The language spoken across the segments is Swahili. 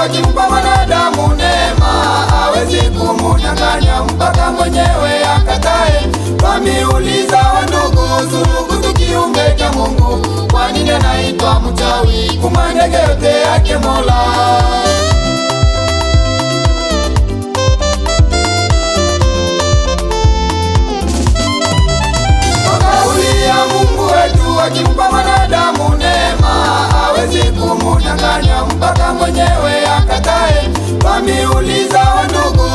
Akimpa mwanadamu neema, hawezi kumnyang'anya mpaka mwenyewe akatae. Wameuliza wandugu, zuru kumweka Mungu, kwa nini anaitwa mchawi? Kumbe yote yake Mola. Kauli Mungu wetu akimpa mwanadamu neema, awezi kumudanganya mpaka mwenyewe akatae. Wameuliza wandugu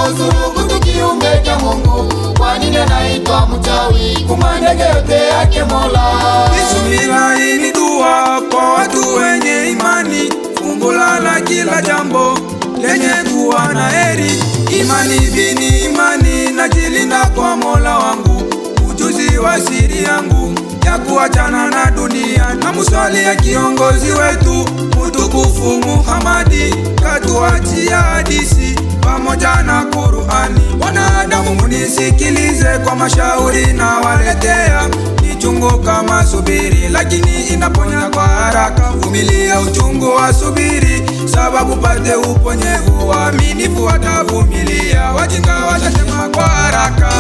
uchawi kumandegete yake Mola. Bismillah ni dua kwa watu wenye imani, fungu la kila jambo lenye kuwa na heri. Imani bini imani, najilinda kwa Mola wangu, ujuzi wa siri yangu ya kuachana na dunia, na muswali ya kiongozi wetu mutukufu Muhamadi, katuachia hadisi pamoja na Qurani. Wanadamu munisikilize kwa mashauri na waletea Nichungu kama subiri, lakini inaponya kwa haraka. Vumilia uchungu wa subiri, sababu pate uponyevu. Waaminifu watavumilia, wajinga watasema kwa haraka.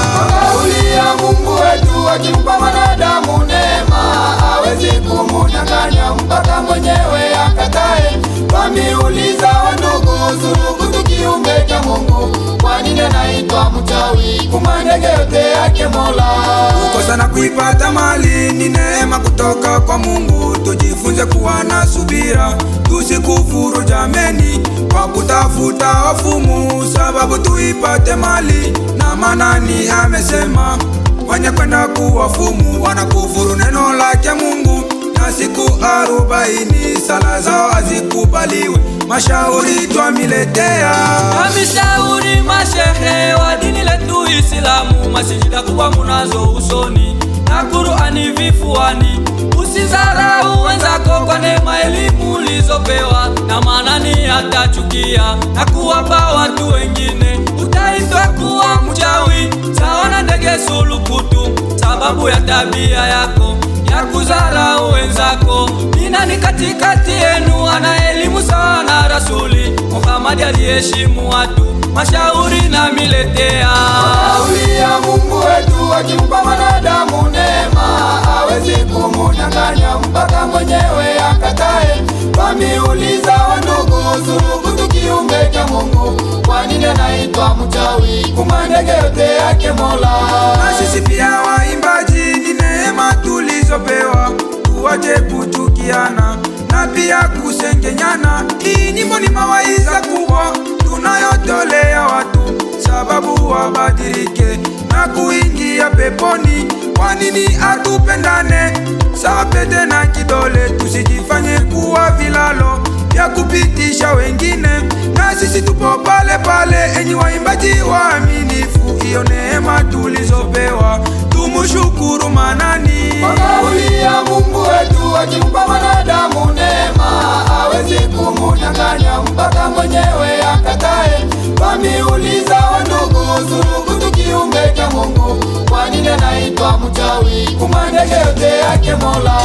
ya Mungu wetu akimpa wanadamu neema, hawezi kumunyang'anya mpaka mwenyewe akatae. Wamiuliza wandugu zulugu nina naitwa mchawi, kumandege yote yake Mola. Kukosa na kuipata mali ni neema kutoka kwa Mungu, tujifunze kuwa na subira, tusikufuru jameni, kwa kutafuta wafumu, sababu tuipate mali na manani amesema, wenye kwenda kuwafumu wanakufuru neno lake Mungu siku arobaini, sala zao hazikubaliwe, mashauri twamiletea. Amishauri mashehe wa dini letu isilamu masijida kubwa munazo usoni na Qur'ani vifuani. Usizarau wenzako kwa neema elimu ulizopewa, na manani ni atachukia na kuwapa watu wengine, utaitwa kuwa mchawi sawa na ndege sulukutu sababu ya tabia yako na kudharau wenzako. Ni katikati yenu ana elimu sana Rasuli Muhammad aliheshimu watu, mashauri na miletea Awi ya Mungu wetu akimpa mwanadamu neema, awezi kumnyang'anya mpaka mwenyewe akatae. Wameuliza wandugu, zulubu kiumbe cha Mungu, kwa nini anaitwa mchawi? Kumandege yote yake Mola. Na sisi pia waimba tuwache kuchukiana na pia kusengenyana. Hii nyimbo ni mawaiza kubwa tunayotolea watu, sababu wabadilike na kuingia peponi. Kwa nini hatupendane? Sapete na kidole, tusijifanye kuwa vilalo vya kupitisha wengine nasi tupo pale pale, enyi waimbaji waaminifu, iyo neema tulizopewa tumushukuru Manani kwa ya Mungu wetu, akimpa mwanadamu neema awezi kumunyang'anya mpaka mwenyewe akatae. Wamiuliza wandugu, zulugu tukiumbeka Mungu, kwa nini anaitwa mchawi? Kumandege yote yake Mola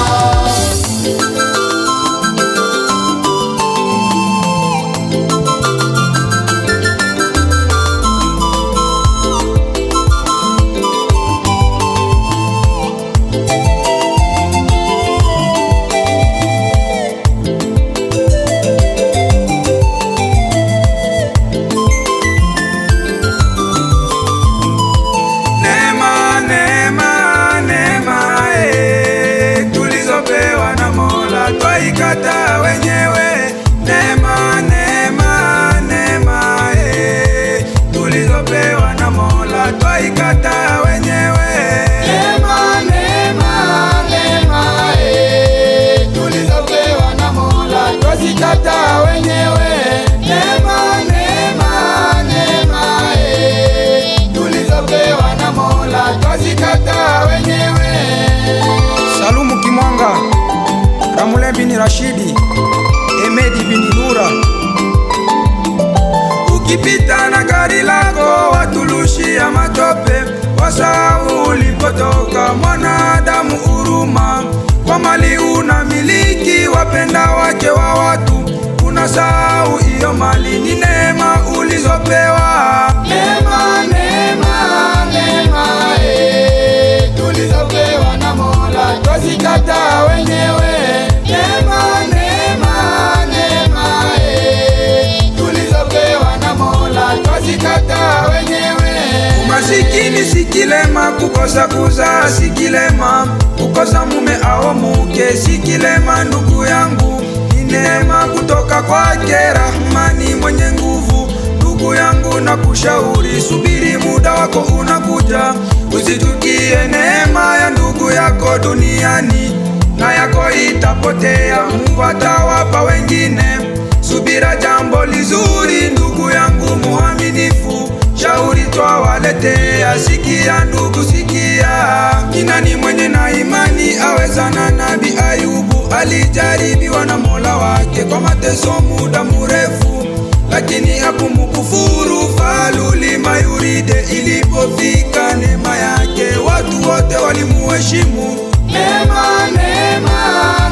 wasahau ulipotoka, mwanadamu huruma kwa mali unamiliki, wapenda wake wa watu unasahau, iyo mali ni neema ulizopewa neema, neema. sikilema, kukosa mume ao muke sikilema. Ndugu yangu ni neema kutoka kwake, Rahmani mwenye nguvu. Ndugu yangu na kushauri, subiri muda wako unakuja, usitukie neema ya ndugu yako duniani, na yako itapotea, Mungu atawapa wengine. Subira jambo lizuri, ndugu yangu muaminifu shauri twa waletea, sikia ndugu, sikia. Ni mwenye na imani awezana nabi Ayubu? Alijaribiwa na Mola wake kwa mateso muda murefu lakini hakumkufuru. Falu lima yuride, ilipofika neema yake watu wote walimuheshimu. Neema, neema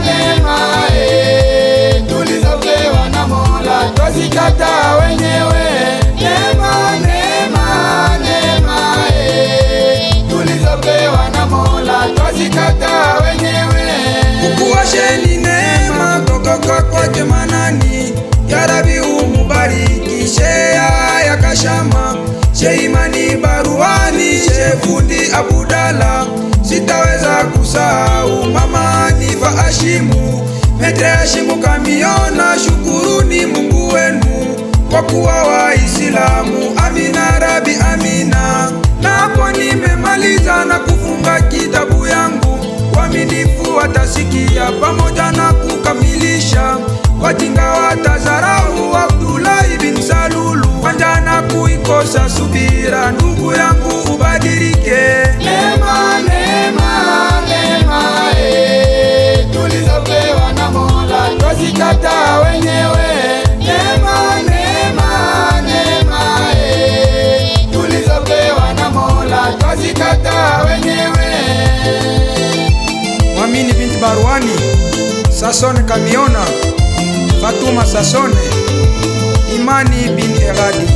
mama ni vaashimu ashimu kamiona. Shukuruni Mungu wenu kwa kuwa waisilamu Amina rabi amina. Napo nimemaliza na kufunga kitabu yangu, waminifu watasikia pamoja na kukamilisha, wajinga watazarau. Abdulahi bin Salulu na kuikosa subira, ndugu yangu ubadirike Tunajikataa wenyewe, neema neema neema eh, tulizopewa na Mola twazikataa wenyewe. Mwamini binti Baruani Sasone Kamiona Fatuma Sasone Imani bin Eradi